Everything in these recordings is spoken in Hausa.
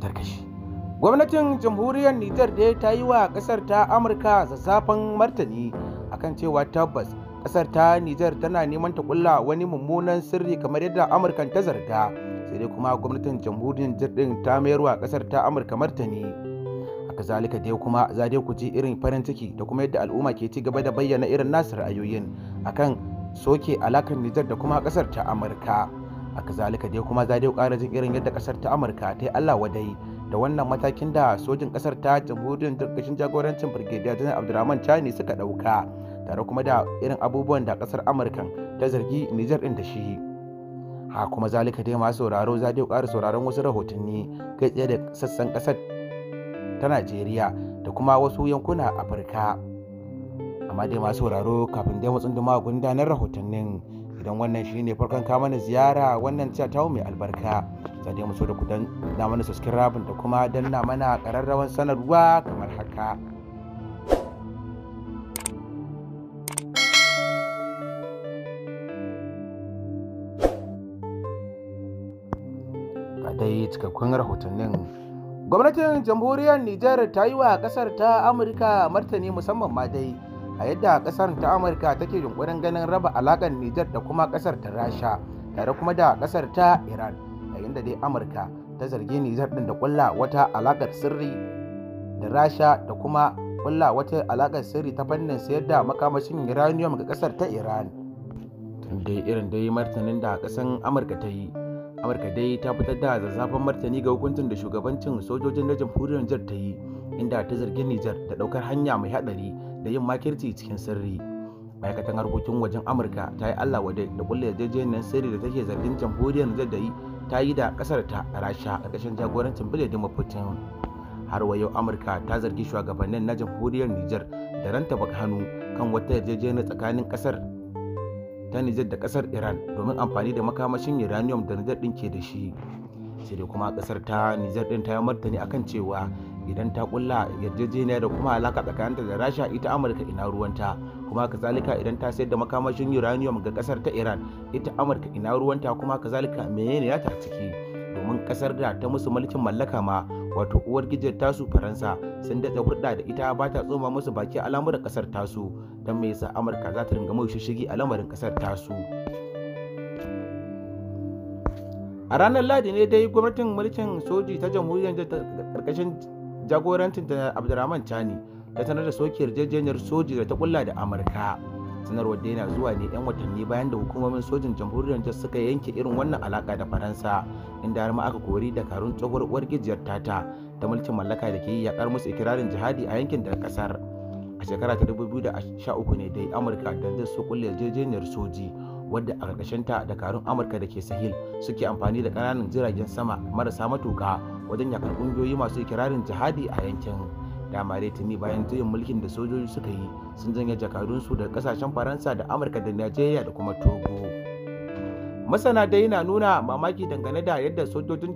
tarkashi gwamnatin jamhuriyar nijar dai ta yi wa kasar ta amurka zazzafan martani akan cewa tabbas kasar ta nijar tana neman ta kulla wani mummunan sirri kamar yadda amurkan ta zarga sai dai kuma gwamnatin jamhuriyar nijar din ta mayar wa kasar ta amurka martani haka zalika dai kuma za dai ku ji irin farin ciki da kuma yadda al'umma ke ci gaba da bayyana irin nasu ra'ayoyin akan soke alakar nijar da kuma kasar ta amurka a kazalika dai kuma za dai ƙara jin irin yadda ƙasar ta amurka ta yi allah wadai da wannan matakin da sojin ƙasar ta jamhuriyar turkishin jagorancin birgidiyar janar abdulrahman chani suka ɗauka tare kuma da irin abubuwan da ƙasar amurkan ta zargi nijar ɗin da shi ha kuma zalika dai masu sauraro za dai ƙara sauraron wasu rahotanni kai tsaye da sassan ƙasar ta najeriya da kuma wasu yankuna afirka amma dai masu sauraro kafin dai matsin duma gundanar rahotannin idan wannan shi ne farkon kama na ziyara wannan cewa ta mai albarka za mu so da ku na mana subscribe da kuma danna mana ƙararrawan sanarwa kamar haka dai cikakkun rahotannin gwamnatin jamhuriyar nijar ta yi wa kasar ta amurka martani musamman ma dai a yadda kasar ta amurka take yunkurin ganin raba alakan nijar da kuma kasar ta rasha tare kuma da kasar ta iran yayin da dai amurka ta zargi nijar din da kulla wata alakar sirri da rasha da kuma kulla wata alakar sirri ta fannin sayar da makamashin uranium ga kasar ta iran dai irin dai martanin da kasan amurka ta yi amurka dai ta fitar da zazzafan martani ga hukuncin da shugabancin sojojin na jamhuriyar nijar ta yi inda ta zargi nijar da daukar hanya mai hadari da yin makirci cikin sirri ma'aikatan harkokin wajen amurka ta yi allah wadai da kulle yarjejeniyar sirri da take zargin jamhuriyar nijar da yi ta yi da kasar ta a rasha a ƙarshen jagorancin vladimir putin har wa yau amurka ta zargi shugabannin na jamhuriyar nijar da ranta baka hannu kan wata yarjejeniyar tsakanin kasar ta nijar da kasar iran domin amfani da makamashin uranium da nijar ɗin ke da shi sai dai kuma kasar ta nijar ɗin ta yi martani akan cewa idan ta kulla yarjejeniya da kuma alaka tsakaninta da rasha ita amurka ina ruwanta kuma kazalika idan ta sayar da makamashin uranium ga kasar ta iran ita amurka ina ruwanta kuma kazalika menene ya ta ciki domin kasar da ta musu mulkin mallaka ma wato uwar gijiyar tasu faransa sun datsa hurɗa da ita ba ta tsoma musu baki al'amuran kasar tasu don me yasa amurka za ta ringa mai shishigi a lamarin kasar tasu a ranar ladi ne dai gwamnatin mulkin soji ta jamhuriyar karkashin jagorancin da abdurrahman chani ta sanar da soke yarjejeniyar soji da ta kulla da amurka sanarwar daina zuwa ne 'yan watanni bayan da hukumomin sojin jamhuriyar niger suka yanke irin wannan alaka da faransa inda har ma aka kori dakarun tsohuwar uwar gijiyar tata ta mulkin mallaka da ke yi yakar musu ikirarin jihadi a yankin da kasar a shekara ta 2013 ne dai amurka da Nijar su kulle yarjejeniyar soji wadda a ƙarƙashinta dakarun amurka da ke sahil suke amfani da ƙananan jiragen sama marasa matuka wajen yakar kungiyoyi masu ikirarin jihadi a yankin da dai bayan juyin mulkin da sojoji suka yi sun janye jakadunsu da kasashen faransa da amurka da najeriya da kuma togo masana dai na nuna mamaki dangane da yadda sojojin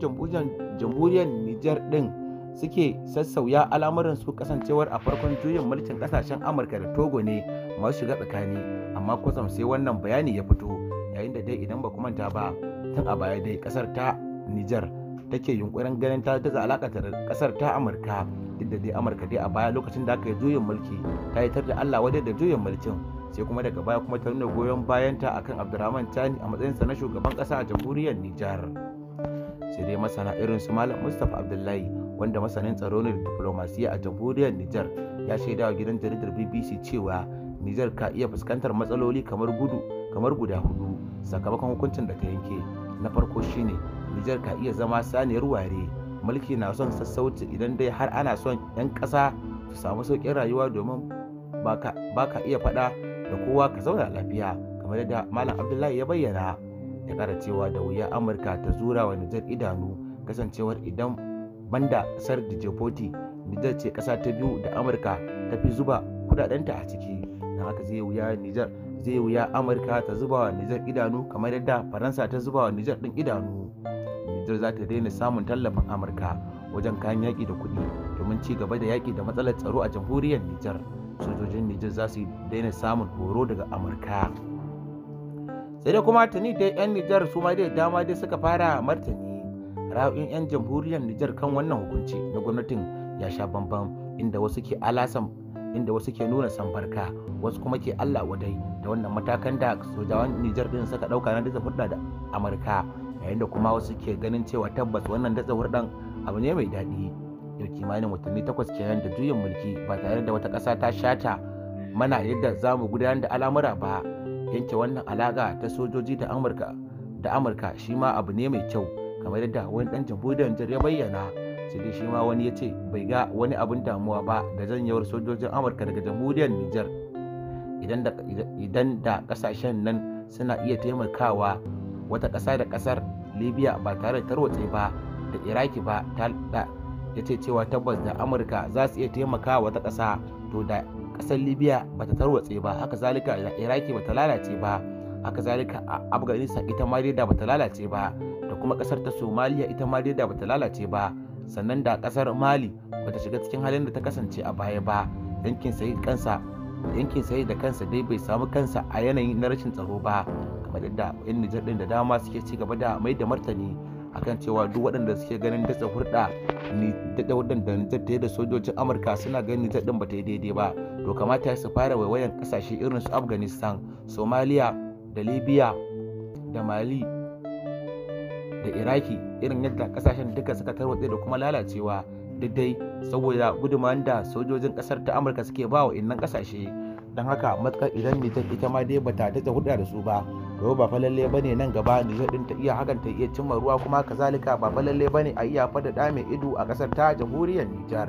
jamhuriyar niger din suke sassauya al'amuran su kasancewar a farkon juyin mulkin kasashen amurka da togo ne masu shiga tsakani amma kwatsam sai wannan bayani ya fito yayin da dai idan ba manta ba tun a baya dai kasar ta niger take yunkurin ganin ta gaza alaka da kasar ta amurka duk da dai amurka dai a baya lokacin da aka yi juyin mulki ta yi tar da allah wadai da juyin mulkin sai kuma daga baya kuma ta nuna goyon bayan ta akan abdulrahman tani a matsayinsa na shugaban kasa a jamhuriyar nijar sai dai masana irin su malam mustapha abdullahi wanda masanin tsaro ne da diplomasiya a jamhuriyar nijar ya shaidawa gidan jaridar bbc cewa nijar ka iya fuskantar matsaloli kamar gudu kamar guda hudu sakamakon hukuncin da ta yanke na farko shine nijar ka iya zama saniyar ware mulki na son sassauci idan dai har ana son 'yan kasa su samu sauƙin rayuwa domin ba ka iya faɗa da kowa ka zauna lafiya kamar yadda malam abdullahi ya bayyana ya kara cewa da wuya amurka ta zura wa nijar idanu kasancewar idan banda kasar da jefoti nijar ce kasa ta biyu da amurka ta fi zuba kudadenta a ciki don haka zai wuya nijar zai wuya amurka ta zuba wa nijar idanu kamar yadda faransa ta zuba wa nijar din idanu nijar za ta daina samun tallafin amurka wajen kayan yaƙi da kuɗi domin ci gaba da yaƙi da matsalar tsaro a jamhuriyar nijar sojojin nijar za su daina samun horo daga amurka sai dai kuma tuni da 'yan nijar su ma dai dama dai suka fara martani ra'ayoyin 'yan jamhuriyar nijar kan wannan hukunci na gwamnatin ya sha bambam inda wasu ke alasan inda wasu ke nuna samfarka wasu kuma ke Allah wadai da wannan matakan da sojawan Nijar din suka dauka na datsa hurɗa da Amurka yayin da kuma wasu ke ganin cewa tabbas wannan datsa hurɗan abu ne mai daɗi yau kimanin watanni takwas kenan da juyin mulki ba tare da wata ƙasa ta shata mana yadda za mu gudanar da al'amura ba yanke wannan alaƙa ta sojoji da Amurka da Amurka shi ma abu ne mai kyau kamar yadda wani ɗan jamhuriyar ya bayyana sai shi ma wani ya ce bai ga wani abin damuwa ba da zanyewar sojojin amurka daga jamhuriyar niger idan da kasashen nan suna iya taimakawa wata kasa da kasar libya ba tare da tarwatse ba da iraki ba ta ya ce cewa tabbas da amurka za su iya taimakawa wata kasa to da kasar libya ba ta tarwatse ba haka zalika da iraki ba ta lalace ba haka zalika a afghanistan ita ma da ba ta lalace ba da kuma kasar ta somaliya ita ma da ba ta lalace ba sannan da kasar mali bata shiga cikin halin da ta kasance a baya ba yankin sai kansa yankin sai da kansa dai bai samu kansa a yanayin na rashin tsaro ba kamar yadda yan nijar din da dama suke ci gaba da mai da martani akan cewa duk waɗanda suke ganin datsa hurɗa ni da waɗanda nijar ta da sojojin amurka suna ganin nijar din bata yi daidai ba to kamata su fara waiwayan kasashe irin su afghanistan somalia da libya da mali da iraki irin yadda kasashen duka suka tarwatse da kuma lalacewa duk saboda gudunmawar da sojojin kasar ta amurka suke ba wa innan kasashe don haka matakar idan nijar ita ma dai bata ta hudu da su ba domin ba falalle bane nan gaba nijar din ta iya hakan ta iya cimma ruwa kuma kazalika ba falalle bane a iya fada mai ido a kasar ta jamhuriyar nijar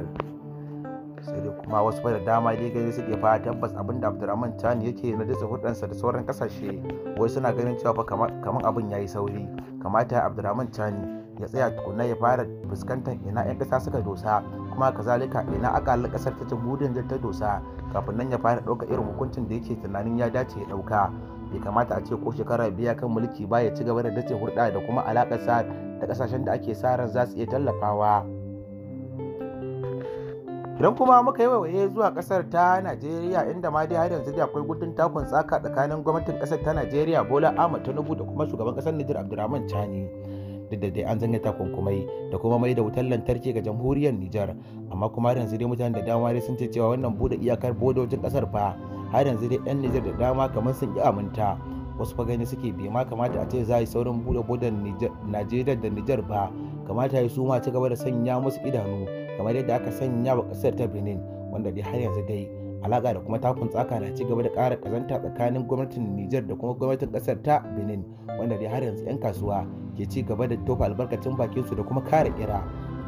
sai dai kuma wasu da dama dai gani suke fara tabbas abin da abdurrahman tani yake na dasa hudansa da sauran kasashe wai suna ganin cewa fa kamar abin ya yi sauri kamata abdurrahman tani ya tsaya tukunna ya fara fuskantar ina 'yan kasa suka dosa kuma kazalika ina akalin kasar ta jamhuriyar ta dosa kafin nan ya fara ɗauka irin hukuncin da yake tunanin ya dace ya ɗauka bai kamata a ce ko shekara biya kan mulki ba ya ci gaba da dace hulɗa da kuma sa da kasashen da ake sa ran za su iya tallafawa idan kuma muka yi waiwaye zuwa kasar ta najeriya inda ma dai har yanzu da akwai gudun takun tsaka tsakanin gwamnatin kasar ta najeriya bola ahmad tinubu da kuma shugaban kasar nijar abdurrahman chani duk da dai an zanya takunkumai da kuma mai da wutar lantarki ga jamhuriyar nijar amma kuma har yanzu dai mutane da dama dai sun ce cewa wannan bude iyakar bodojin kasar fa har yanzu dai yan nijar da dama kamar sun ki aminta wasu fagani suke bai ma kamata a ce za yi saurin bude bodan najeriya da nijar ba kamata ya su ma ci gaba da sanya musu idanu kamar yadda aka sanya wa kasar ta benin wanda dai har yanzu dai alaka da kuma takun tsaka na ci gaba da ƙara kazanta tsakanin gwamnatin nijar da kuma gwamnatin kasar ta benin wanda dai har yanzu 'yan kasuwa ke ci gaba da tofa albarkacin bakinsu da kuma kare kira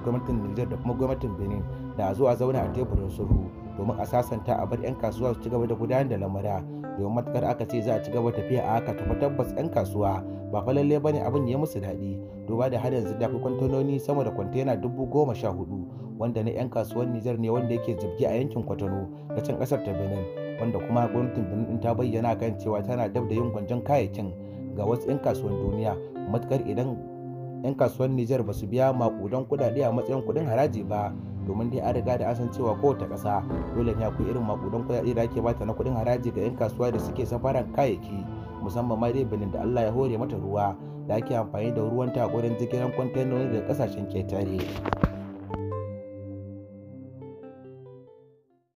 gwamnatin nijar da kuma gwamnatin benin da zuwa zauna a teburin sulhu domin a sasanta a bar 'yan kasuwa su ci gaba da gudanar da lamura domin matukar aka ce za a ci gaba tafiya a haka tafi tabbas 'yan kasuwa ba fa lalle bane abin ya musu daɗi duba da har yanzu da kwantenoni sama da kwantena dubu goma sha hudu wanda na 'yan kasuwar Nijar ne wanda yake zabge a yankin Kwatano na can kasar ta Benin wanda kuma gwamnatin Benin ta bayyana kan cewa tana dab da yin gwanjon kayayyakin ga wasu 'yan kasuwan duniya matukar idan 'yan kasuwar Nijar ba su biya makudan kudade a matsayin kudin haraji ba domin dai an riga da an san cewa kowace ƙasa dole ne akwai irin makudan kuɗaɗe da ake bata na kuɗin haraji ga 'yan kasuwa da suke safaran kayayyaki musamman ma dai benin da Allah ya hore mata ruwa da ake amfani da ruwan ta gurin jigiran kwantenoni daga kasashen ketare.